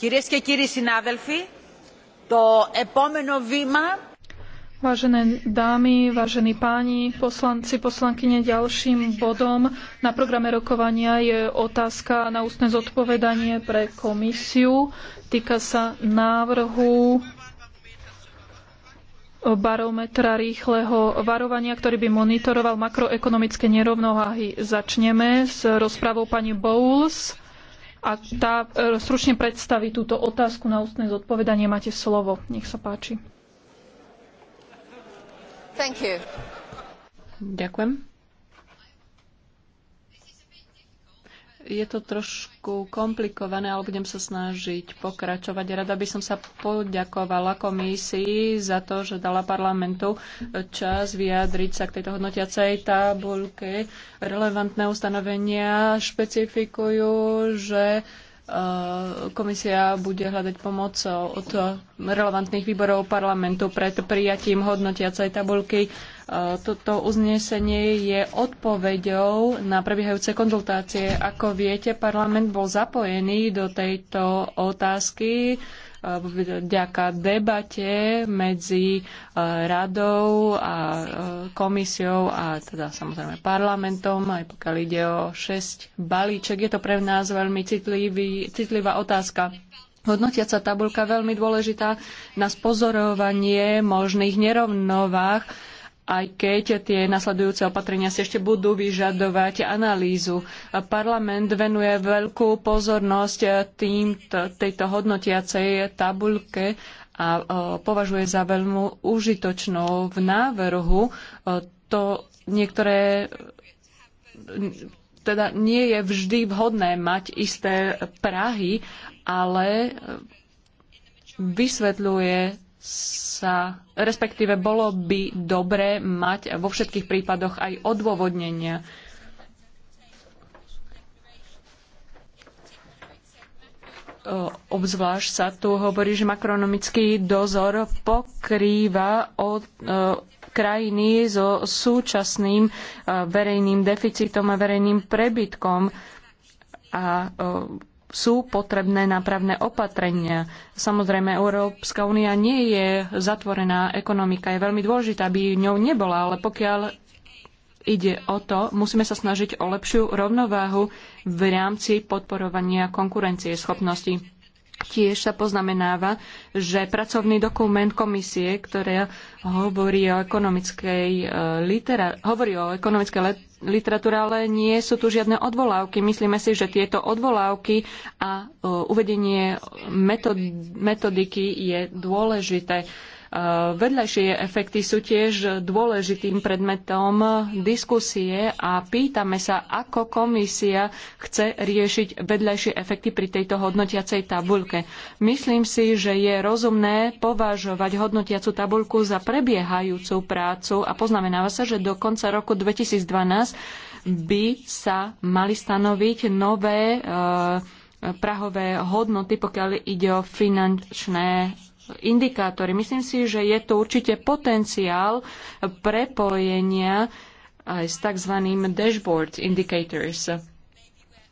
Κυρίες και κύριοι συνάδελφοι, το επόμενο βήμα Vážené dámy, vážení páni, poslanci, poslankyne, ďalším bodom na programe rokovania je otázka na ústne zodpovedanie pre komisiu. Týka sa návrhu barometra rýchleho varovania, ktorý by monitoroval makroekonomické nerovnováhy. Začneme s rozpravou pani Bowles a tá e, stručne predstaví túto otázku na ústne zodpovedanie. Máte slovo. Nech sa páči. Thank you. Ďakujem. je to trošku komplikované, ale budem sa snažiť pokračovať. Rada by som sa poďakovala komisii za to, že dala parlamentu čas vyjadriť sa k tejto hodnotiacej tabulke. Relevantné ustanovenia špecifikujú, že e, komisia bude hľadať pomoc od relevantných výborov parlamentu pred prijatím hodnotiacej tabulky toto uznesenie je odpoveďou na prebiehajúce konzultácie. Ako viete, parlament bol zapojený do tejto otázky eh, vďaka debate medzi eh, radou a eh, komisiou a teda samozrejme parlamentom, aj pokiaľ ide o 6 balíček. Je to pre nás veľmi citlivý, citlivá otázka. Hodnotiaca tabulka veľmi dôležitá na spozorovanie možných nerovnovách aj keď tie nasledujúce opatrenia si ešte budú vyžadovať analýzu. Parlament venuje veľkú pozornosť tým, tejto hodnotiacej tabuľke a e, považuje za veľmi užitočnú. v návrhu e, to niektoré teda nie je vždy vhodné mať isté prahy, ale vysvetľuje sa, respektíve bolo by dobre mať vo všetkých prípadoch aj odôvodnenia. obzvlášť sa tu hovorí, že makronomický dozor pokrýva od krajiny so súčasným verejným deficitom a verejným prebytkom. A sú potrebné nápravné opatrenia. Samozrejme, Európska únia nie je zatvorená ekonomika. Je veľmi dôležitá, aby ňou nebola, ale pokiaľ ide o to, musíme sa snažiť o lepšiu rovnováhu v rámci podporovania konkurencie schopnosti. Tiež sa poznamenáva, že pracovný dokument komisie, ktorá hovorí o ekonomickej, eh, litera- hovorí o ekonomickej literatúre, ale nie sú tu žiadne odvolávky. Myslíme si, že tieto odvolávky a e, uvedenie metodiky je dôležité. Vedľajšie efekty sú tiež dôležitým predmetom diskusie a pýtame sa, ako komisia chce riešiť vedľajšie efekty pri tejto hodnotiacej tabuľke. Myslím si, že je rozumné považovať hodnotiacu tabuľku za prebiehajúcu prácu a poznamenáva sa, že do konca roku 2012 by sa mali stanoviť nové e, prahové hodnoty, pokiaľ ide o finančné indikátory. Myslím si, že je to určite potenciál prepojenia aj s tzv. dashboard indicators.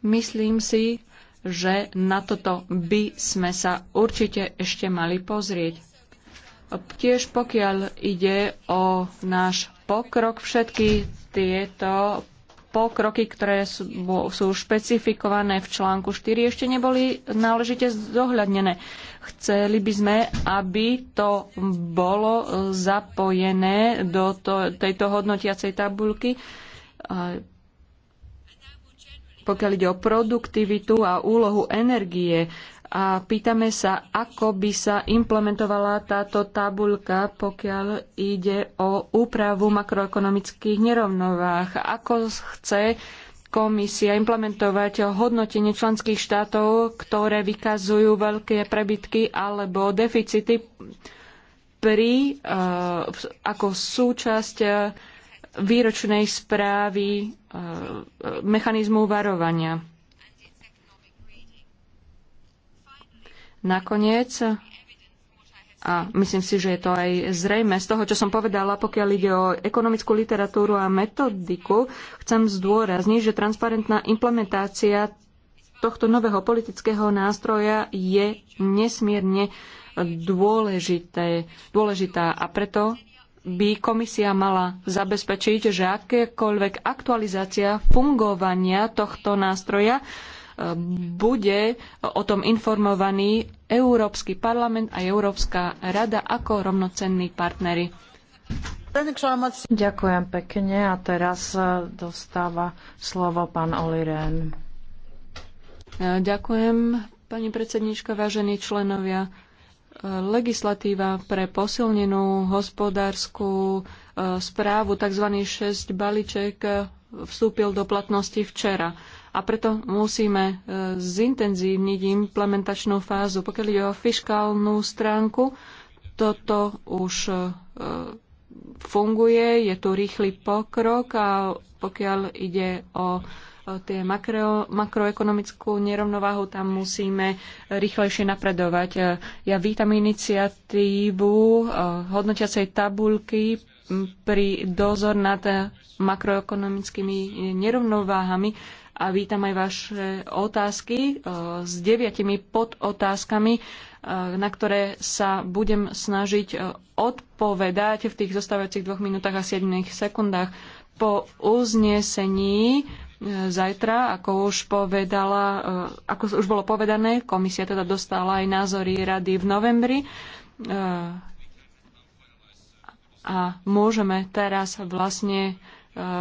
Myslím si, že na toto by sme sa určite ešte mali pozrieť. Tiež pokiaľ ide o náš pokrok, všetky tieto pokroky, ktoré sú, sú špecifikované v článku 4, ešte neboli náležite zohľadnené. Chceli by sme, aby to bolo zapojené do to, tejto hodnotiacej tabulky. Pokiaľ ide o produktivitu a úlohu energie, a pýtame sa, ako by sa implementovala táto tabuľka, pokiaľ ide o úpravu makroekonomických nerovnovách. Ako chce komisia implementovať hodnotenie členských štátov, ktoré vykazujú veľké prebytky alebo deficity pri, eh, ako súčasť eh, výročnej správy eh, mechanizmu varovania Nakoniec, a myslím si, že je to aj zrejme z toho, čo som povedala, pokiaľ ide o ekonomickú literatúru a metodiku, chcem zdôrazniť, že transparentná implementácia tohto nového politického nástroja je nesmierne dôležité, dôležitá a preto by komisia mala zabezpečiť, že akékoľvek aktualizácia fungovania tohto nástroja bude o tom informovaný Európsky parlament a Európska rada ako rovnocenní partnery. Ďakujem pekne a teraz e, dostáva slovo pán Olirén. E, ďakujem, pani predsedníčka, vážení členovia e, legislatíva pre posilnenú hospodárskú správu, tzv. 6 balíček, vstúpil do platnosti včera a preto musíme e, zintenzívniť implementačnú fázu. Pokiaľ ide o fiskálnu stránku, toto už e, funguje, je tu rýchly pokrok a pokiaľ ide o tie makro, makroekonomickú nerovnováhu, tam musíme rýchlejšie napredovať. E, ja vítam iniciatívu e, hodnotiacej tabulky pri dozor nad makroekonomickými nerovnováhami a vítam aj vaše otázky e, s deviatimi podotázkami, na ktoré sa budem snažiť odpovedať v tých zostávajúcich dvoch minútach a 7 sekundách. Po uznesení zajtra, ako už povedala, e, ako už bolo povedané, komisia teda dostala aj názory rady v novembri. E, a môžeme teraz vlastne e,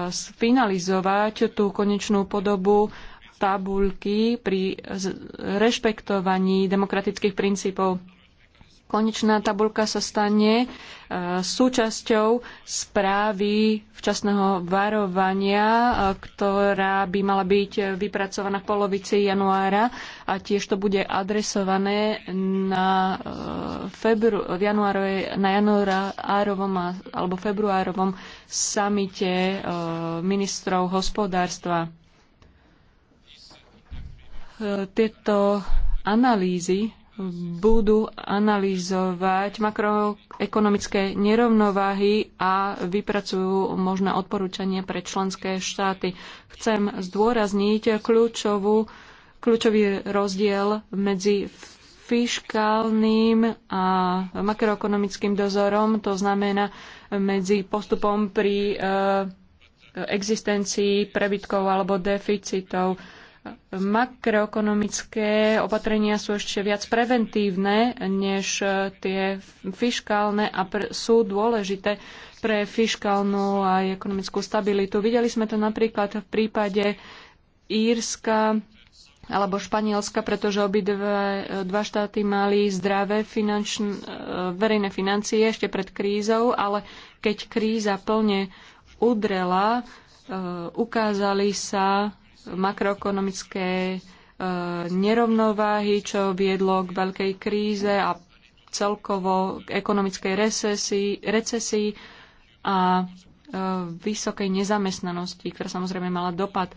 sfinalizovať tú konečnú podobu tabulky pri rešpektovaní demokratických princípov konečná tabulka sa stane e, súčasťou správy včasného varovania, e, ktorá by mala byť vypracovaná v polovici januára a tiež to bude adresované na, e, febru- v januárovej, na januárovom alebo februárovom samite ministrov hospodárstva. Tieto analýzy budú analýzovať makroekonomické nerovnováhy a vypracujú možné odporúčania pre členské štáty. Chcem zdôrazniť kľúčovú, kľúčový rozdiel medzi fiskálnym a makroekonomickým dozorom, to znamená medzi postupom pri eh, existencii prebytkov alebo deficitov makroekonomické opatrenia sú ešte viac preventívne než e, tie fiškálne a sú dôležité pre fiškálnu a ekonomickú stabilitu. Videli sme to napríklad v prípade Írska alebo Španielska, pretože obidve e, dva štáty mali zdravé finančn, e, verejné financie ešte pred krízou, ale keď kríza plne udrela, ukázali sa makroekonomické e, nerovnováhy, čo viedlo k veľkej kríze a celkovo k ekonomickej recesii, a e, vysokej nezamestnanosti, ktorá samozrejme mala dopad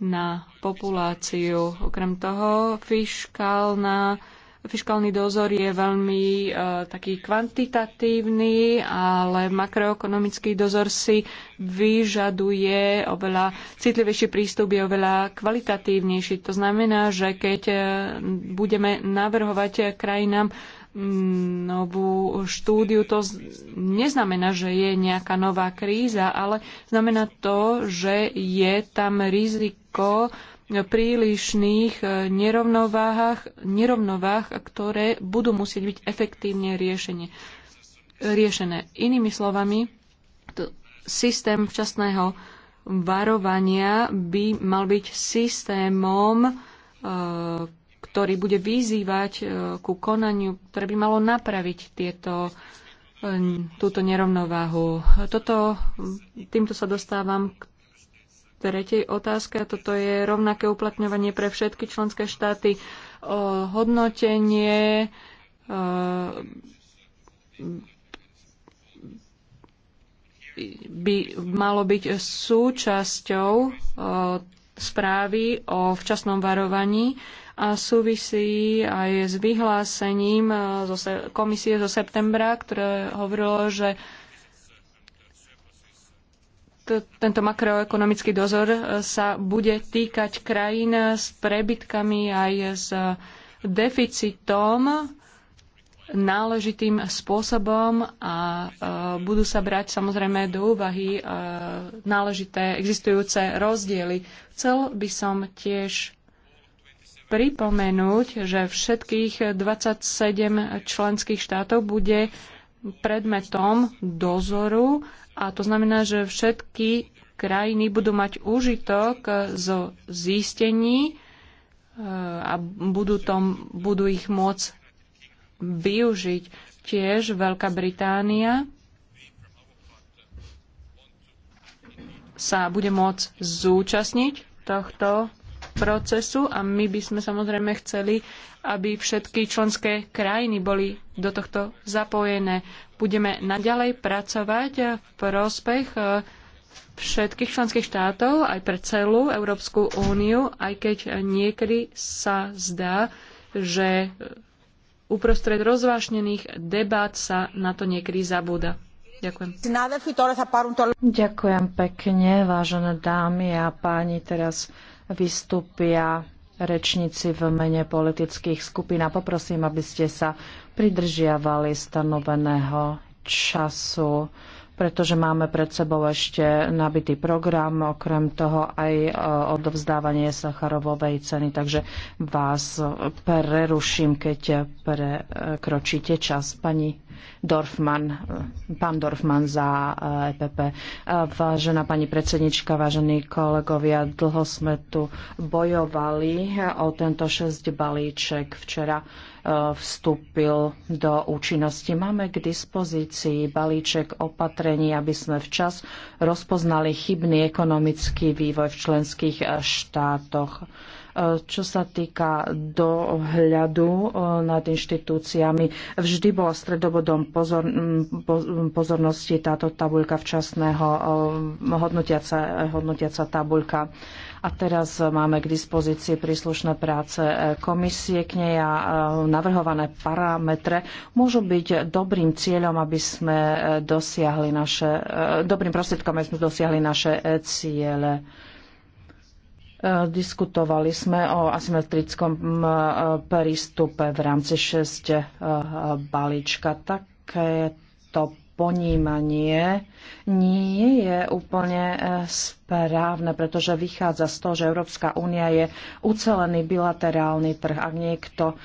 na populáciu. Okrem toho, fiškálna Fiškálny dozor je veľmi e, taký kvantitatívny, ale makroekonomický dozor si vyžaduje oveľa citlivejší prístup, je oveľa kvalitatívnejší. To znamená, že keď e, budeme navrhovať krajinám mm, novú štúdiu, to neznamená, že je nejaká nová kríza, ale znamená to, že je tam riziko, prílišných e, nerovnováhach, nerovnováh, ktoré budú musieť byť efektívne riešenie, riešené. Inými slovami, to systém včasného varovania by mal byť systémom, e, ktorý bude vyzývať e, ku konaniu, ktoré by malo napraviť tieto, túto nerovnováhu. Toto, týmto sa dostávam k tretej otázke, a toto je rovnaké uplatňovanie pre všetky členské štáty, o eh, hodnotenie eh, by malo byť súčasťou eh, správy o včasnom varovaní a súvisí aj s vyhlásením komisie zo septembra, ktoré hovorilo, že tento makroekonomický dozor e, sa bude týkať krajín s prebytkami aj s deficitom náležitým spôsobom a e, budú sa brať samozrejme do úvahy e, náležité existujúce rozdiely. Chcel by som tiež pripomenúť, že všetkých 27 členských štátov bude predmetom dozoru a to znamená, že všetky krajiny budú mať úžitok zo zistení e, a budú, tom, budú ich môcť využiť. Tiež Veľká Británia sa bude môcť zúčastniť tohto procesu a my by sme samozrejme chceli, aby všetky členské krajiny boli do tohto zapojené. Budeme naďalej pracovať v prospech e, všetkých členských štátov, aj pre celú Európsku úniu, aj keď niekedy sa zdá, že uprostred rozvášnených debát sa na to niekedy zabúda. Ďakujem. Ďakujem pekne, vážené dámy a páni. Teraz vystúpia rečníci v mene politických skupín a poprosím, aby ste sa pridržiavali stanoveného času pretože máme pred sebou ešte nabitý program, okrem toho aj e, odovzdávanie Sacharovovej ceny, takže vás preruším, keď prekročíte čas. Pani Dorfman, pán Dorfman za EPP. E e, vážená pani predsednička, vážení kolegovia, dlho sme tu bojovali o tento šesť balíček včera E, vstúpil do účinnosti. Máme k dispozícii balíček opatrení, aby sme včas rozpoznali chybný ekonomický vývoj v členských e, štátoch e, čo sa týka dohľadu nad inštitúciami. Vždy bola stredobodom pozor, pozornosti táto tabuľka včasného hodnotiaca, hodnotiaca tabuľka. A teraz máme k dispozícii príslušné práce komisie k nej a e, navrhované parametre môžu byť dobrým cieľom, aby sme e, dosiahli naše, e, dobrým prostriedkom, aby sme dosiahli naše ciele diskutovali sme o asymetrickom prístupe v rámci 6 balíčka. Takéto ponímanie nie je úplne e, správne, pretože vychádza z toho, že Európska únia je ucelený bilaterálny trh. Ak niekto e,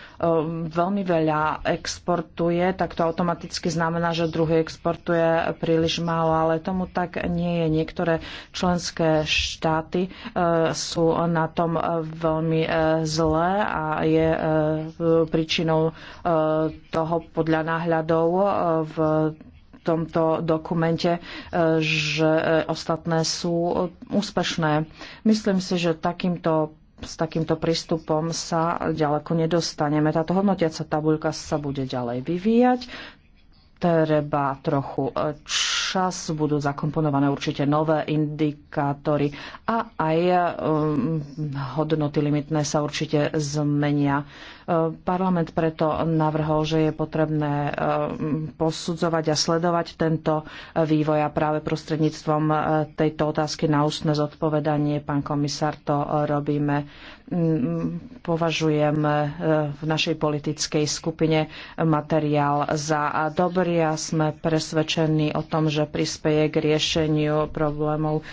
veľmi veľa exportuje, tak to automaticky znamená, že druhý exportuje príliš málo, ale tomu tak nie je. Niektoré členské štáty e, sú na tom veľmi zlé a je príčinou toho podľa náhľadov v tomto dokumente, e, že e, ostatné sú úspešné. Myslím si, že takýmto s takýmto prístupom sa ďaleko nedostaneme. Táto hodnotiaca tabuľka sa bude ďalej vyvíjať. Treba trochu e, čas, budú zakomponované určite nové indikátory a aj hodnoty limitné sa určite zmenia. Parlament preto navrhol, že je potrebné eh, posudzovať a sledovať tento eh, vývoj a práve prostredníctvom eh, tejto otázky na ústne zodpovedanie, pán komisár, to robíme mm, považujem v našej politickej skupine materiál za dobrý a sme presvedčení o tom, že prispieje k riešeniu problémov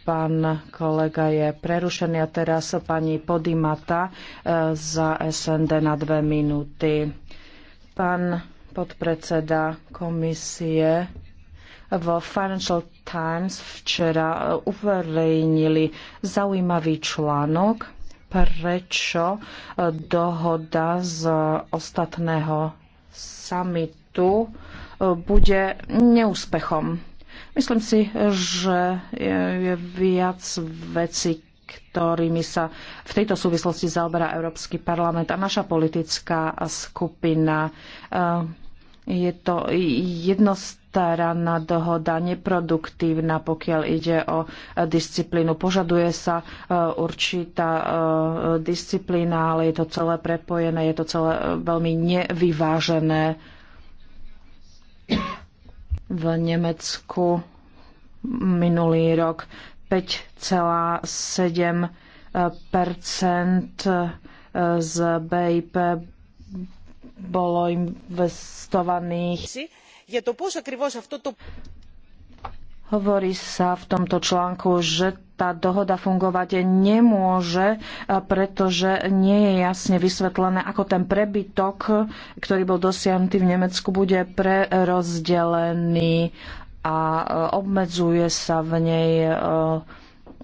Pán kolega je prerušený a teraz pani Podimata eh, za SND na dve minúty. Pán podpredseda komisie vo Financial Times včera eh, uverejnili zaujímavý článok, prečo eh, dohoda z ostatného samitu bude neúspechom Myslím si, že je viac vecí, ktorými sa v tejto súvislosti zaoberá Európsky parlament a naša politická skupina. Eh, je to jednostranná dohoda, neproduktívna, pokiaľ ide o eh, disciplínu. Požaduje sa eh, určitá disciplína, ale je to celé prepojené, je to celé veľmi nevyvážené v Nemecku minulý rok 5,7 eh, z BIP bolo investovaných Hovorí sa v tomto článku, že tá dohoda fungovať nemôže, pretože nie je jasne vysvetlené, ako ten prebytok, ktorý bol dosiahnutý v Nemecku, bude prerozdelený a e, obmedzuje sa v nej e,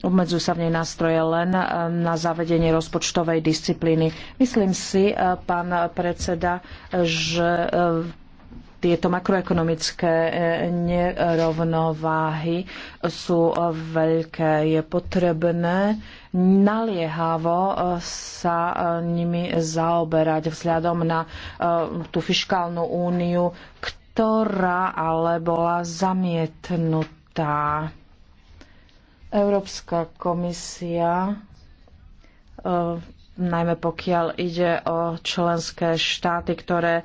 Obmedzujú sa v nej nástroje len e, na zavedenie rozpočtovej disciplíny. Myslím si, pán predseda, že tieto makroekonomické e, nerovnováhy sú veľké. Je potrebné naliehavo e, sa e, nimi zaoberať vzhľadom na tú fiskálnu úniu, ktorá ale bola zamietnutá. Európska komisia najmä pokiaľ ide o členské štáty, ktoré e,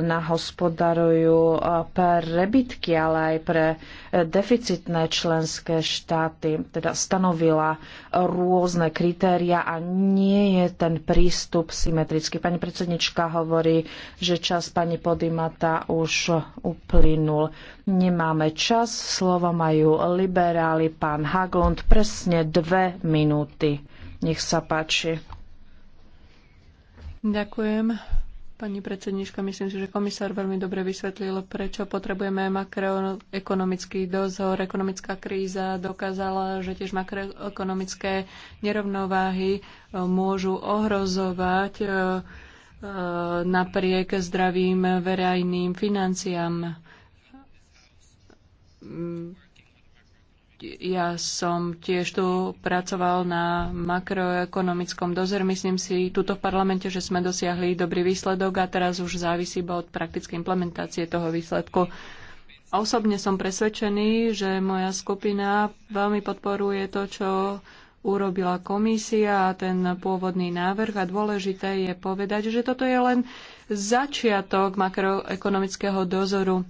nahospodarujú e, prebytky, ale aj pre e, deficitné členské štáty, teda stanovila rôzne kritéria a nie je ten prístup symetrický. Pani predsednička hovorí, že čas pani Podimata už uplynul. Nemáme čas, slovo majú liberáli, pán Haglund, presne dve minúty. Nech sa páči. Ďakujem. Pani predsedníčka, myslím si, že komisár veľmi dobre vysvetlil, prečo potrebujeme makroekonomický dozor. Ekonomická kríza dokázala, že tiež makroekonomické nerovnováhy e, môžu ohrozovať e, e, napriek zdravým verejným financiám mm, ja som tiež tu pracoval na makroekonomickom dozore. Myslím si tuto v parlamente, že sme dosiahli dobrý výsledok a teraz už závisí iba od praktickej implementácie toho výsledku. Osobne som presvedčený, že moja skupina veľmi podporuje to, čo urobila komisia a ten pôvodný návrh a dôležité je povedať, že toto je len začiatok makroekonomického dozoru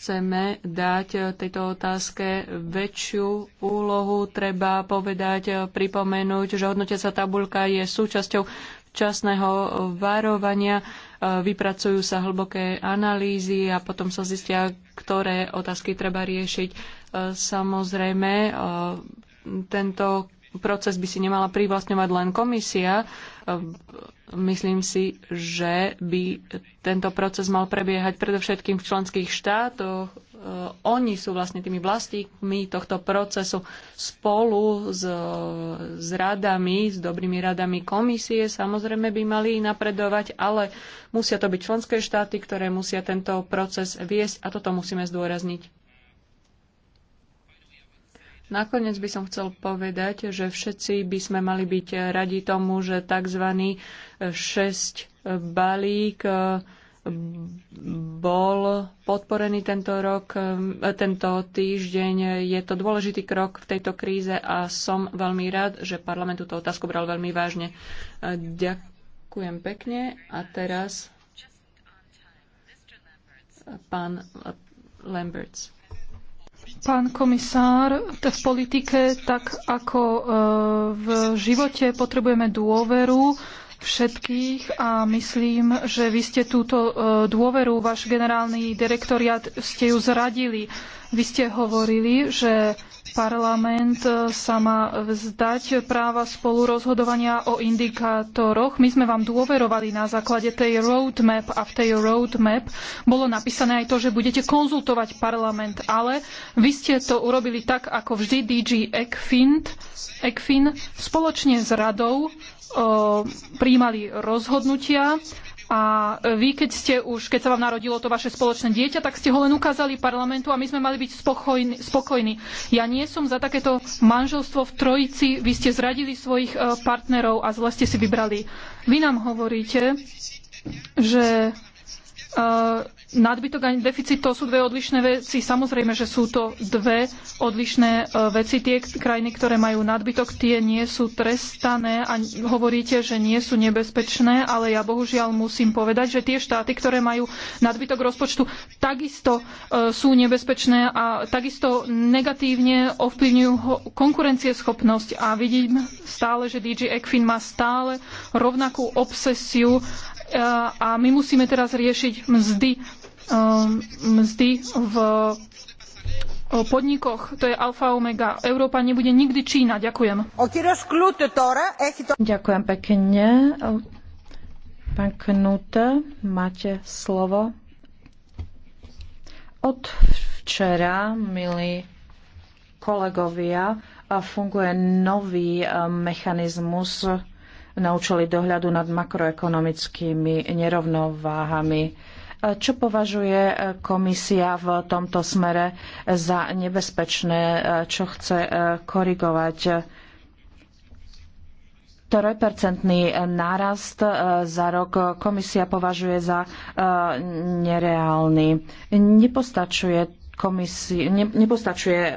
chceme dať tejto otázke väčšiu úlohu, treba povedať, pripomenúť, že hodnotiaca tabulka je súčasťou včasného varovania, vypracujú sa hlboké analýzy a potom sa zistia, ktoré otázky treba riešiť. Samozrejme, tento proces by si nemala privlastňovať len komisia, myslím si, že by tento proces mal prebiehať predovšetkým v členských štátoch. Eh, oni sú vlastne tými vlastníkmi tohto procesu spolu s, s radami, s dobrými radami komisie. Samozrejme by mali napredovať, ale musia to byť členské štáty, ktoré musia tento proces viesť a toto musíme zdôrazniť. Nakoniec by som chcel povedať, že všetci by sme mali byť radi tomu, že tzv. 6 balík eh, bol podporený tento rok, eh, tento týždeň. Je to dôležitý krok v tejto kríze a som veľmi rád, že parlament túto otázku bral veľmi vážne. Eh, ďakujem pekne a teraz pán Lamberts. Pán komisár, v politike, tak ako e, v živote, potrebujeme dôveru všetkých a myslím, že vy ste túto e, dôveru, váš generálny direktoriat, ste ju zradili. Vy ste hovorili, že Parlament e, sa má vzdať práva spolurozhodovania o indikátoroch. My sme vám dôverovali na základe tej roadmap a v tej roadmap bolo napísané aj to, že budete konzultovať parlament, ale vy ste to urobili tak, ako vždy DG ECFIN, ECFIN spoločne s radou o, e, príjmali rozhodnutia a e, vy, keď ste už, keď sa vám narodilo to vaše spoločné dieťa, tak ste ho len ukázali parlamentu a my sme mali byť spokojní. spokojní. Ja nie som za takéto manželstvo v trojici. Vy ste zradili svojich e, partnerov a zle ste si vybrali. Vy nám hovoríte, že Eh, nadbytok a deficit to sú dve odlišné veci. Samozrejme, že sú to dve odlišné eh, veci. Tie krajiny, ktoré majú nadbytok, tie nie sú trestané a hovoríte, že nie sú nebezpečné, ale ja bohužiaľ musím povedať, že tie štáty, ktoré majú nadbytok rozpočtu, takisto eh, sú nebezpečné a takisto negatívne ovplyvňujú konkurencieschopnosť a vidím stále, že DG ECFIN má stále rovnakú obsesiu a my musíme teraz riešiť mzdy, e, mzdy v e, podnikoch. To je alfa omega. Európa nebude nikdy Čína. Ďakujem. Ďakujem pekne. Pán Knute, máte slovo. Od včera, milí kolegovia, funguje nový e, mechanizmus na účely dohľadu nad makroekonomickými nerovnováhami. Čo považuje komisia v tomto smere za nebezpečné, čo chce korigovať? Trojpercentný nárast za rok komisia považuje za nereálny. Nepostačuje komisii ne, nepostačuje, eh,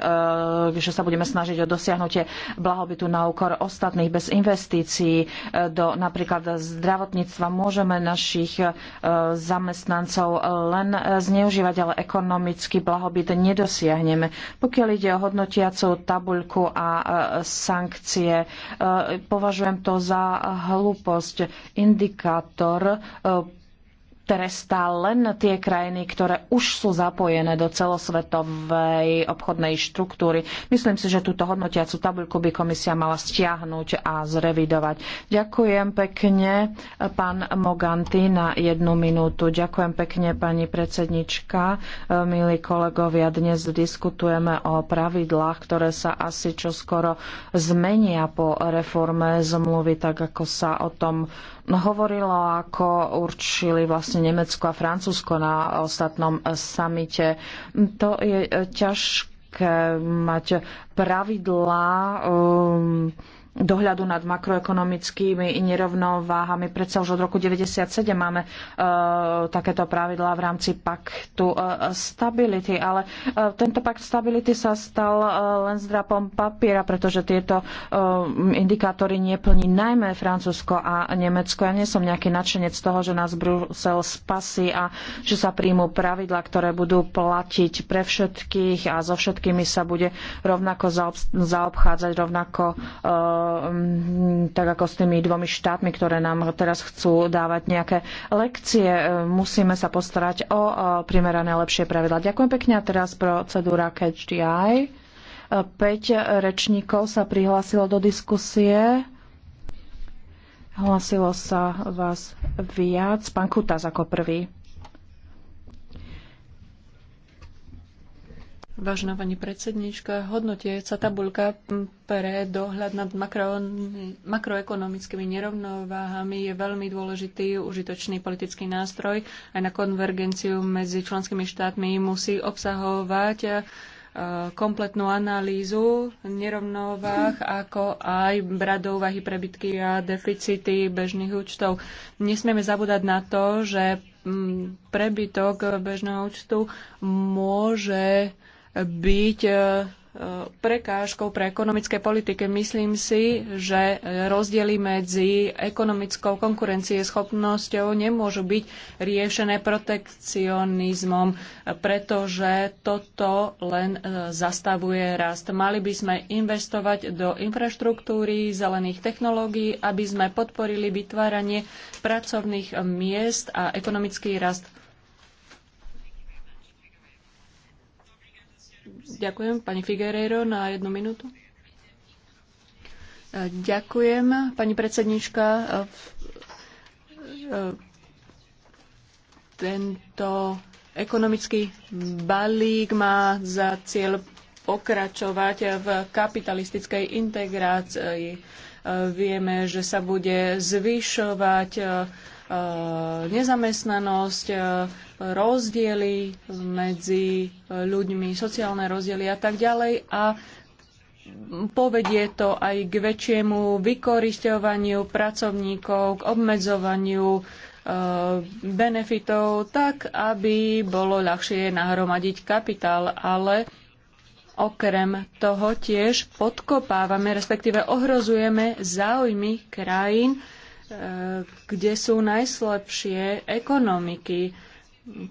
že sa budeme snažiť o dosiahnutie blahobytu na úkor ostatných bez investícií eh, do napríklad zdravotníctva. Môžeme našich eh, zamestnancov len zneužívať, ale ekonomický blahobyt nedosiahneme. Pokiaľ ide o hodnotiacu tabuľku a sankcie, považujem to za hlúposť. Indikátor trestá len tie krajiny, ktoré už sú zapojené do celosvetovej obchodnej štruktúry. Myslím si, že túto hodnotiacu tabuľku by komisia mala stiahnuť a zrevidovať. Ďakujem pekne, pán Moganty, na jednu minútu. Ďakujem pekne, pani predsednička. Milí kolegovia, dnes diskutujeme o pravidlách, ktoré sa asi čoskoro zmenia po reforme zmluvy, tak ako sa o tom hovorilo, ako určili vlastne Nemecko a Francúzsko na ostatnom samite. To je ťažké mať pravidlá um, dohľadu nad makroekonomickými nerovnováhami. Predsa už od roku 1997 máme e, takéto pravidlá v rámci paktu e, stability, ale e, tento pakt stability sa stal e, len zdrapom papiera, pretože tieto e, indikátory neplní najmä Francúzsko a Nemecko. Ja nie som nejaký nadšenec toho, že nás Brusel spasí a že sa príjmú pravidlá, ktoré budú platiť pre všetkých a so všetkými sa bude rovnako zaobchádzať, rovnako e, Um, tak ako s tými dvomi štátmi, ktoré nám teraz chcú dávať nejaké lekcie. Um, musíme sa postarať o primerané lepšie pravidla. Ďakujem pekne a teraz procedúra Catch the Eye. 5 uh, rečníkov sa prihlásilo do diskusie. Hlasilo sa vás viac. Pán Kutas ako prvý. Vážená pani predsedníčka, sa tabulka pre dohľad nad makro, makroekonomickými nerovnováhami je veľmi dôležitý, užitočný politický nástroj aj na konvergenciu medzi členskými štátmi musí obsahovať e, kompletnú analýzu nerovnováh, ako aj brať úvahy prebytky a deficity bežných účtov. Nesmieme zabúdať na to, že mm, prebytok bežného účtu môže byť e, e, prekážkou pre ekonomické politike. Myslím si, že rozdiely medzi ekonomickou konkurencieschopnosťou nemôžu byť riešené protekcionizmom, pretože toto len e, zastavuje rast. Mali by sme investovať do infraštruktúry zelených technológií, aby sme podporili vytváranie pracovných miest a ekonomický rast. Ďakujem. Pani Figuerero na jednu minútu. E, ďakujem, pani predsednička. E, e, tento ekonomický balík má za cieľ pokračovať v kapitalistickej integrácii. Vieme, že sa bude zvyšovať Eh, nezamestnanosť, eh, rozdiely medzi ľuďmi, sociálne rozdiely a tak ďalej a povedie to aj k väčšiemu vykoristovaniu pracovníkov, k obmedzovaniu eh, benefitov tak, aby bolo ľahšie nahromadiť kapitál, ale okrem toho tiež podkopávame, respektíve ohrozujeme záujmy krajín, E, kde sú najslabšie ekonomiky,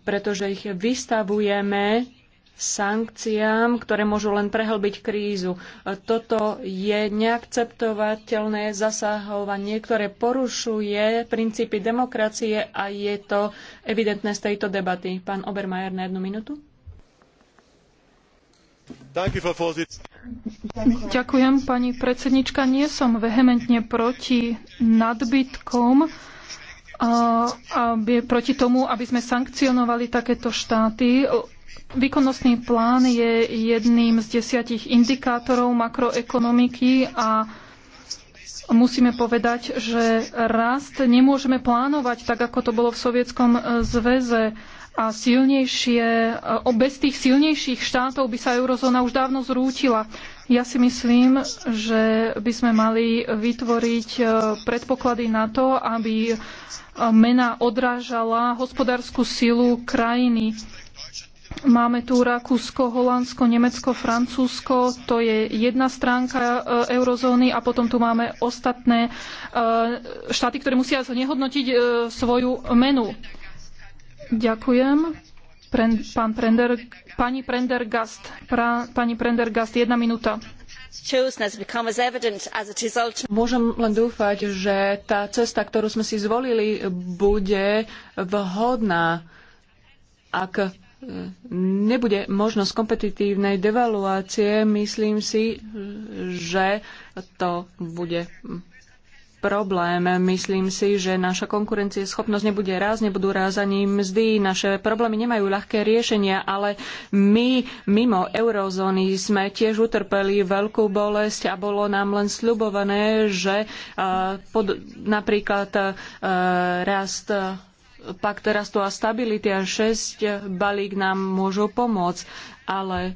pretože ich vystavujeme sankciám, ktoré môžu len prehlbiť krízu. E, toto je neakceptovateľné zasahovanie, ktoré porušuje princípy demokracie a je to evidentné z tejto debaty. Pán Obermajer na jednu minútu. Ďakujem, pani predsednička. Nie som vehementne proti nadbytkom, proti tomu, aby sme sankcionovali takéto štáty. Výkonnostný plán je jedným z desiatich indikátorov makroekonomiky a musíme povedať, že rast nemôžeme plánovať tak, ako to bolo v Sovietskom zväze a silnejšie, bez tých silnejších štátov by sa eurozóna už dávno zrútila. Ja si myslím, že by sme mali vytvoriť e, predpoklady na to, aby e, mena odrážala hospodárskú silu krajiny. Máme tu Rakúsko, Holandsko, Nemecko, Francúzsko, to je jedna stránka e, eurozóny a potom tu máme ostatné štáty, ktoré musia znehodnotiť svoju menu. Ďakujem. Pren, pán Prender, pani Prendergast, pra, pani Prendergast, jedna minúta. Môžem len dúfať, že tá cesta, ktorú sme si zvolili, bude vhodná, ak e, nebude možnosť kompetitívnej devaluácie, myslím si, e, že to bude problém. Myslím si, že naša konkurencieschopnosť nebude raz, nebudú raz ani mzdy. Naše problémy nemajú ľahké riešenia, ale my mimo eurozóny sme tiež utrpeli veľkú bolesť a bolo nám len sľubované, že uh, pod, napríklad uh, rast pak teraz rastu a stability a 6 balík nám môžu pomôcť, ale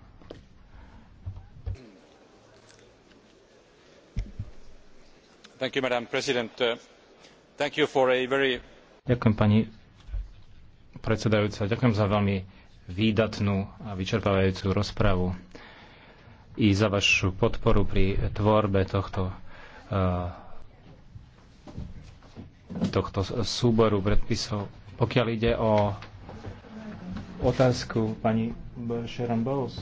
Uh, Ďakujem pani predsedajúca. Ďakujem za veľmi výdatnú a vyčerpávajúcu rozpravu i za vašu podporu pri tvorbe tohto, uh, tohto súboru predpisov. Pokiaľ ide o otázku pani Sharon Bowles,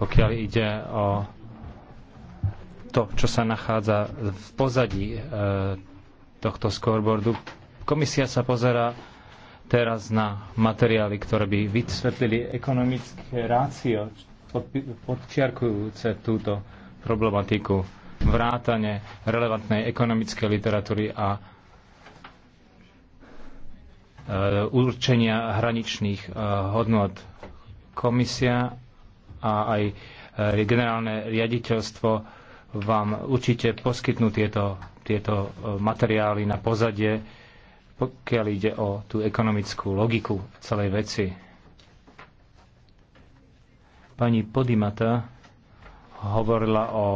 pokiaľ ide o to, čo sa nachádza v pozadí e, tohto scoreboardu. Komisia sa pozera teraz na materiály, ktoré by vysvetlili ekonomické rácio, podčiarkujúce túto problematiku vrátane relevantnej ekonomickej literatúry a e, určenia hraničných e, hodnot. Komisia a aj generálne riaditeľstvo vám určite poskytnú tieto, tieto e, materiály na pozadie, pokiaľ ide o tú ekonomickú logiku celej veci. Pani Podimata hovorila o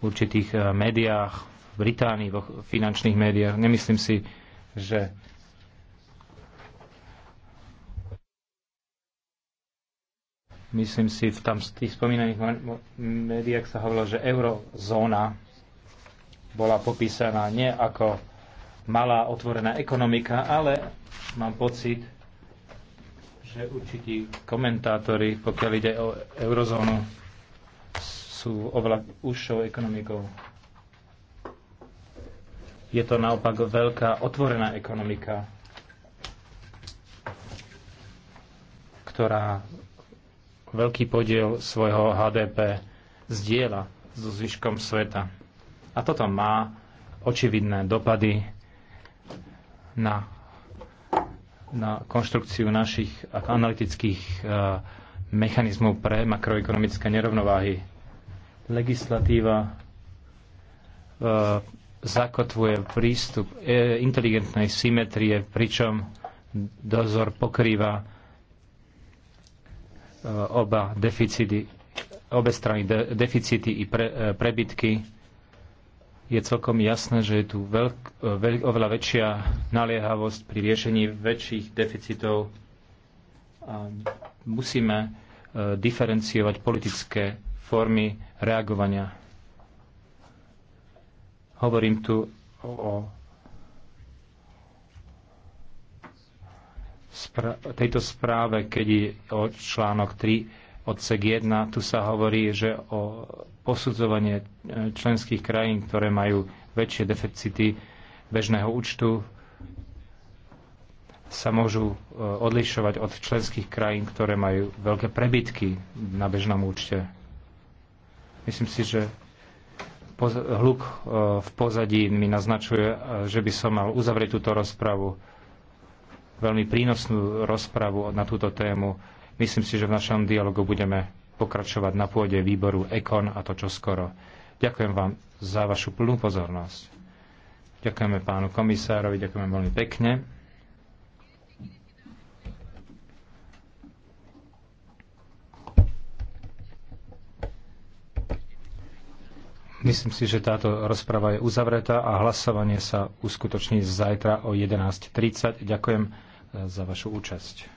určitých e, médiách v Británii, vo finančných médiách. Nemyslím si, že Myslím si, v tam z tých spomínaných médiách sa hovorilo, že eurozóna bola popísaná nie ako malá otvorená ekonomika, ale mám pocit, že určití komentátori, pokiaľ ide o eurozónu, sú oveľa užšou ekonomikou. Je to naopak veľká otvorená ekonomika, ktorá veľký podiel svojho HDP zdieľa so zvyškom sveta. A toto má očividné dopady na, na konštrukciu našich analytických uh, mechanizmov pre makroekonomické nerovnováhy. Legislatíva uh, zakotvuje prístup e, inteligentnej symetrie, pričom dozor pokrýva E, oba deficity, obe strany de, deficity i pre, e, prebytky, je celkom jasné, že je tu veľk, e, veľk, oveľa väčšia naliehavosť pri riešení väčších deficitov a musíme diferenciovať politické formy reagovania. Hovorím tu o spra- tejto správe, keď je o článok 3 odsek 1, tu sa hovorí, že o posudzovanie e, členských krajín, ktoré majú väčšie deficity bežného účtu, sa môžu e, odlišovať od členských krajín, ktoré majú veľké prebytky na bežnom účte. Myslím si, že hluk e, v pozadí mi naznačuje, že by som mal uzavrieť túto rozpravu veľmi prínosnú rozpravu na túto tému. Myslím si, že v našom dialogu budeme pokračovať na pôde výboru EKON a to čo skoro. Ďakujem vám za vašu plnú pozornosť. Ďakujeme pánu komisárovi, ďakujeme veľmi pekne. Myslím si, že táto rozprava je uzavretá a hlasovanie sa uskutoční zajtra o 11.30. Ďakujem eh, za vašu účasť.